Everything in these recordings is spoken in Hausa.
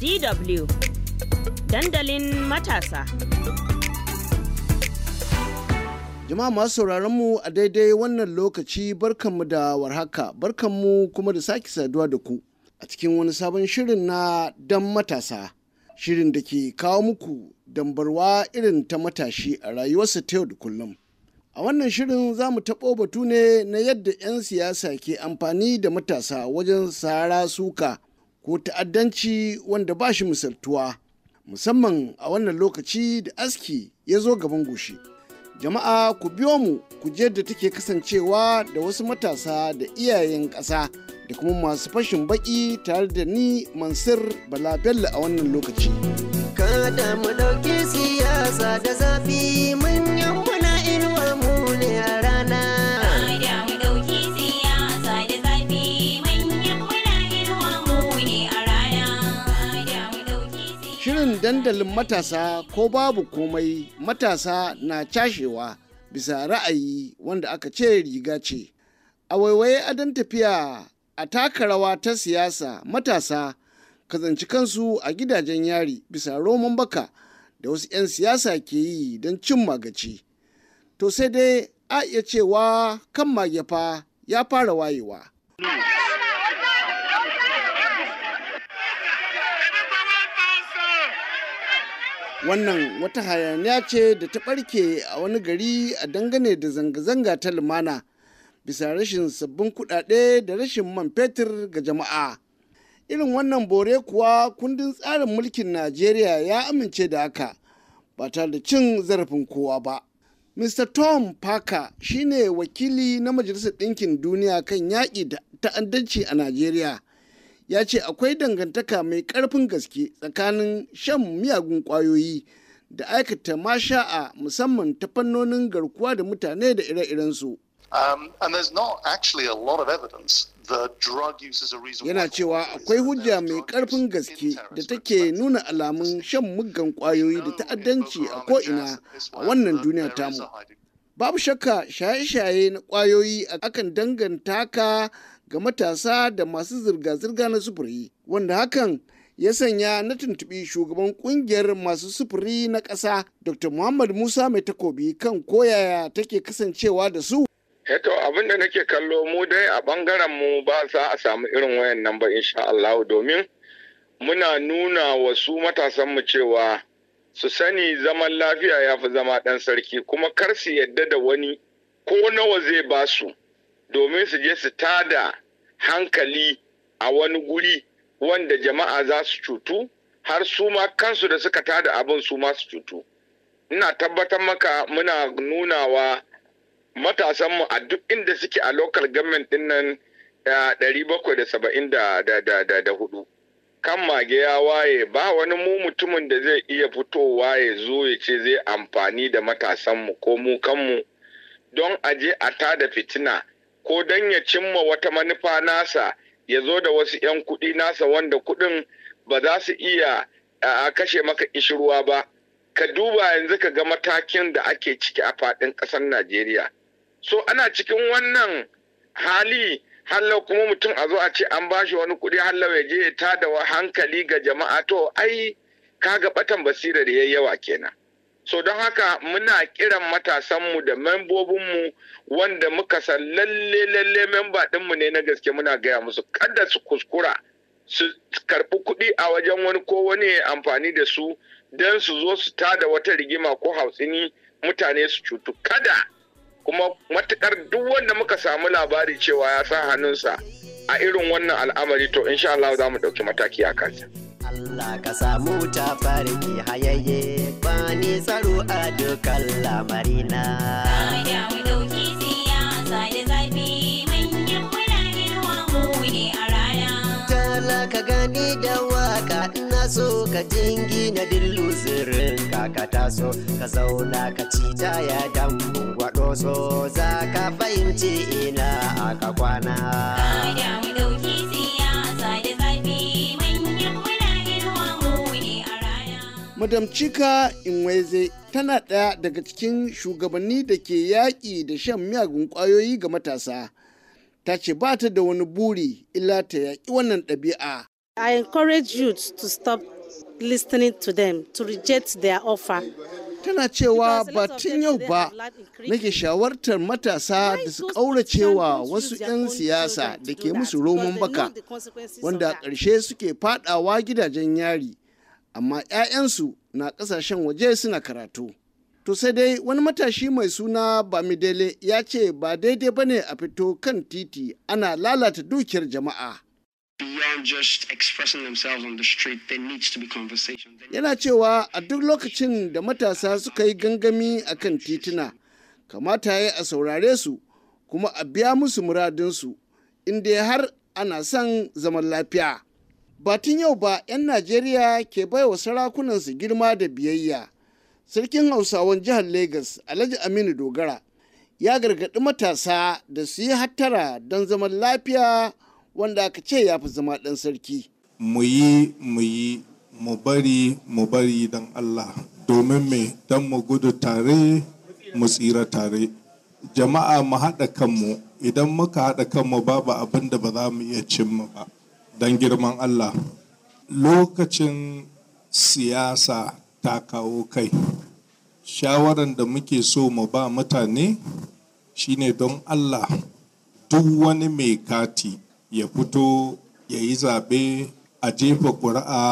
DW dandalin matasa. Jama'a masu sauraron mu a daidai wannan lokaci barkanmu da warhaka barkanmu kuma da sake saduwa da ku a cikin wani sabon shirin na dan matasa shirin da ke kawo muku dambarwa irin ta matashi a rayuwarsa ta yau da kullum. A wannan shirin za mu taɓo batu ne na yadda 'yan siyasa ke amfani da matasa wajen sara suka ko ta'addanci wanda ba shi misaltuwa musamman a wannan lokaci da aski ya zo gaban goshi. Jama'a ku biyo mu ku je da take kasancewa da wasu matasa da iyayen ƙasa da kuma masu fashin baƙi tare da ni Mansur Bala Bello a wannan lokaci. Kada mu ɗauki siyasa da zafi yamma dandalin matasa ko babu komai matasa na cashewa bisa ra'ayi wanda aka ce riga ce. A waiwaye adon tafiya a taka rawa ta siyasa matasa kazanci kansu a gidajen yari bisa roman baka da wasu 'yan siyasa ke yi don cin magaci. To sai dai a iya cewa kan magefa ya fara wayewa. wannan wata hayaniya ce da ta ɓarke a wani gari a dangane da zanga-zanga ta lumana bisa rashin sabbin kuɗaɗe da rashin man fetur ga jama'a irin wannan bore kuwa kundin tsarin mulkin najeriya ya amince da haka ba tare da cin zarafin kowa ba mr tom parker shine wakili na majalisar ɗinkin duniya kan yaƙi ta'addanci a najeriya ya ce akwai dangantaka mai ƙarfin gaske tsakanin shan miyagun ƙwayoyi da aikata a musamman ta fannonin garkuwa da mutane da ire-irensu. Um, Yana cewa akwai hujja mai ƙarfin gaske da take nuna alamun shan muggan ƙwayoyi da ta'addanci a ko'ina a wannan duniya tamu. Babu shakka shaye-shaye na ƙwayoyi akan danganta ka ga matasa da masu zirga-zirga na sufuri wanda hakan ya sanya na tuntuɓi shugaban ƙungiyar masu sufuri na ƙasa dr muhammad musa mai takobi kan koyaya take kasancewa da su Eto eh abin da nake kallo mu dai a ɓangaren mu ba za a samu irin wayan nan ba insha Allah domin muna nuna wasu matasanmu cewa su sani zaman lafiya ya fi zama ɗan sarki kuma kar su yadda da wani ko nawa zai ba su domin su je su tada hankali a wani guri wanda jama'a za su cutu har su ma kansu da suka tada abin su ma su cutu ina tabbatar maka muna nunawa matasanmu a duk inda suke a local government din nan eh, hudu. kan mage ya waye ba wani mu mutumin da zai iya fitowa ya zo ya ce zai amfani da matasanmu ko mu kanmu don aje a tada fitina ko don ya cimma wata manufa nasa ya zo da wasu 'yan kuɗi nasa wanda kuɗin ba za su iya a kashe maka ishirwa ba ka duba yanzu ka ga matakin da ake ciki a faɗin ƙasar najeriya so ana cikin wannan hali hallau kuma mutum a zo a ce an bashi wani kuɗi hallau ya je ya tada hankali ga jama'a to ai ka kaga batan basirar yayi yawa kenan so don haka muna kiran matasanmu da membobinmu wanda muka san lalle lalle memba ɗinmu ne na gaske muna gaya musu kada su kuskura su karɓi kuɗi a wajen wani ko wani amfani da su don su zo su tada wata rigima ko hautsini mutane su cutu kada kuma matukar duk wanda muka samu labari cewa ya sa hannunsa a irin wannan al'amari to insha Allah za mu ɗauki mataki a kansa. Allah ka samu ta farki hayayye ba tsaro a dukkan lamarina. Kada siyasa da manyan ka gani da waka ina so ka jingina dillu zirin ka taso ka zauna ka ci ya damu gwaɗo so za ka fahimci ina aka kwana. madam chika inweze tana ɗaya daga cikin shugabanni da ke yaƙi da shan miyagun ƙwayoyi ga matasa ta ce ba ta da wani buri illa ta yaƙi wannan ɗabi'a i encourage youth to stop listening to them to reject their offer tana cewa ba tun yau ba nake shawartar matasa da su wa wasu 'yan siyasa da ke musu roman baka wanda a ƙarshe suke faɗawa gidajen yari amma 'ya'yansu na ƙasashen waje suna karatu. To sai dai wani matashi mai suna Bamidele ya ce ba daidai bane a fito kan titi ana lalata dukiyar jama'a. Yana cewa a duk lokacin da matasa suka yi gangami a kan tituna, kamata ya a saurare su kuma a biya musu muradinsu, inda har ana son zaman lafiya. batun yau ba 'yan najeriya ke baiwa sarakunansu girma da biyayya sarkin hausawan jihar lagos alhaji aminu dogara ya gargaɗi matasa da su yi hattara don zaman lafiya wanda aka ce ya fi zama ɗan sarki mu yi mu yi mu bari mu bari don allah domin me don mu gudu tare mu tsira tare jama'a mu haɗa kanmu idan muka haɗa kanmu babu abin da ba za mu iya cimma ba don girman Allah lokacin siyasa ta kawo kai shawaran da muke so mu ba mutane shine don Allah duk wani mai kati ya fito ya yi zaɓe a jefa ƙuri'a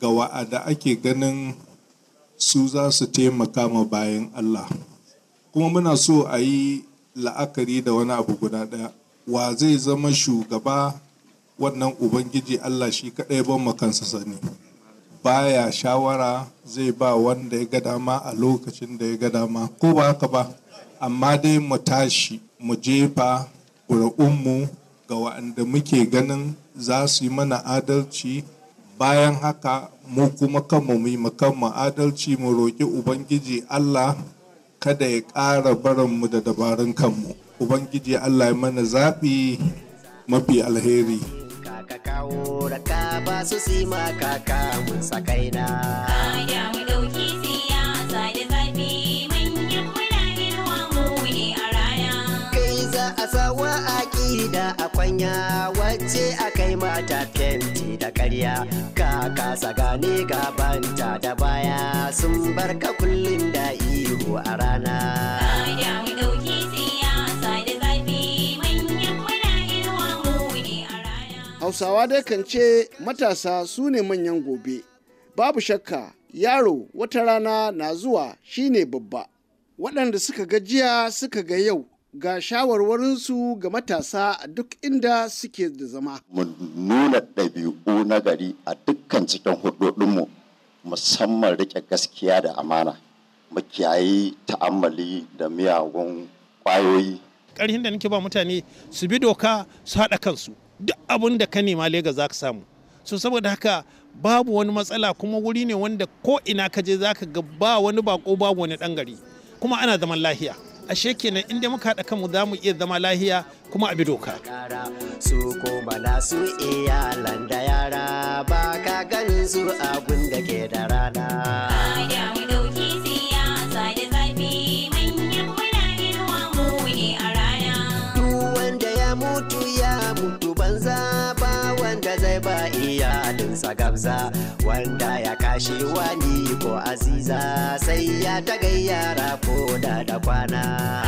ga wa'ada ake ganin su za su taimaka ma bayan Allah kuma muna so a yi la'akari da wani abu guda ɗaya wa zai zama shugaba wannan ubangiji allah shi kaɗai ban makansa sani baya shawara zai ba wanda ya ga dama a lokacin da ya ga dama ko ba haka ba amma dai mu tashi mu jefa ƙuri'unmu ga wa'anda muke ganin za su yi mana adalci bayan haka mu kuma kanmu mu yi kanmu adalci mu roƙi ubangiji allah kada ya ƙara mu da dabarun kanmu ubangiji allah ya mana zaɓi mafi alheri kawo raka ba su si ma sakaina. Kaya mu ɗauki siyasa da zafi manyan muna mu ne a rana. Kai za a sawa aƙida a kwanya wacce a kai mata fenti da karya. Kaka sagane gabanta da baya sun barka kullum da ihu a rana. Hausawa dai kan ce matasa su ne manyan gobe, babu shakka yaro wata rana na zuwa shine babba. Waɗanda suka gajiya suka ga yau ga shawarwarinsu ga matasa a duk inda suke da zama. Mu nuna ɗabi'u na gari a dukkan cikin hudodinmu musamman riƙe gaskiya da amana. Mu kiyaye ta'ammali da miyagun ƙwayoyi. Ƙarhin da nake ba mutane su bi doka su haɗa kansu. duk abin da ka nema Legas za ka samu so saboda haka babu wani matsala kuma wuri ne wanda ko ina ka je zaka ga ba wani bako babu wani dan gari kuma ana zaman lahiya ashe kenan inda muka haɗa kanmu za mu iya zama lahiya kuma a bi doka su ko bala ka banza wanda ya kashe wani ko aziza sai ya ta gayyara ko da da kwana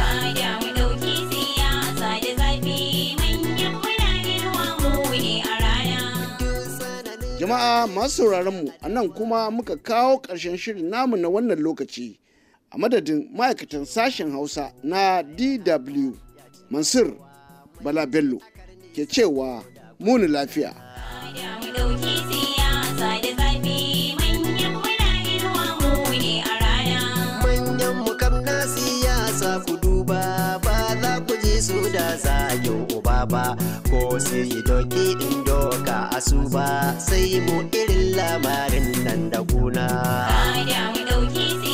Jama'a masu sauraron mu a nan kuma muka kawo ƙarshen shirin namu na wannan lokaci a madadin ma'aikatan sashen Hausa na DW Mansur Bala Bello ke cewa muni lafiya. ko sai yi doki in doka ba, sai mu irin lamarin nan da kuna. mu ɗauki sai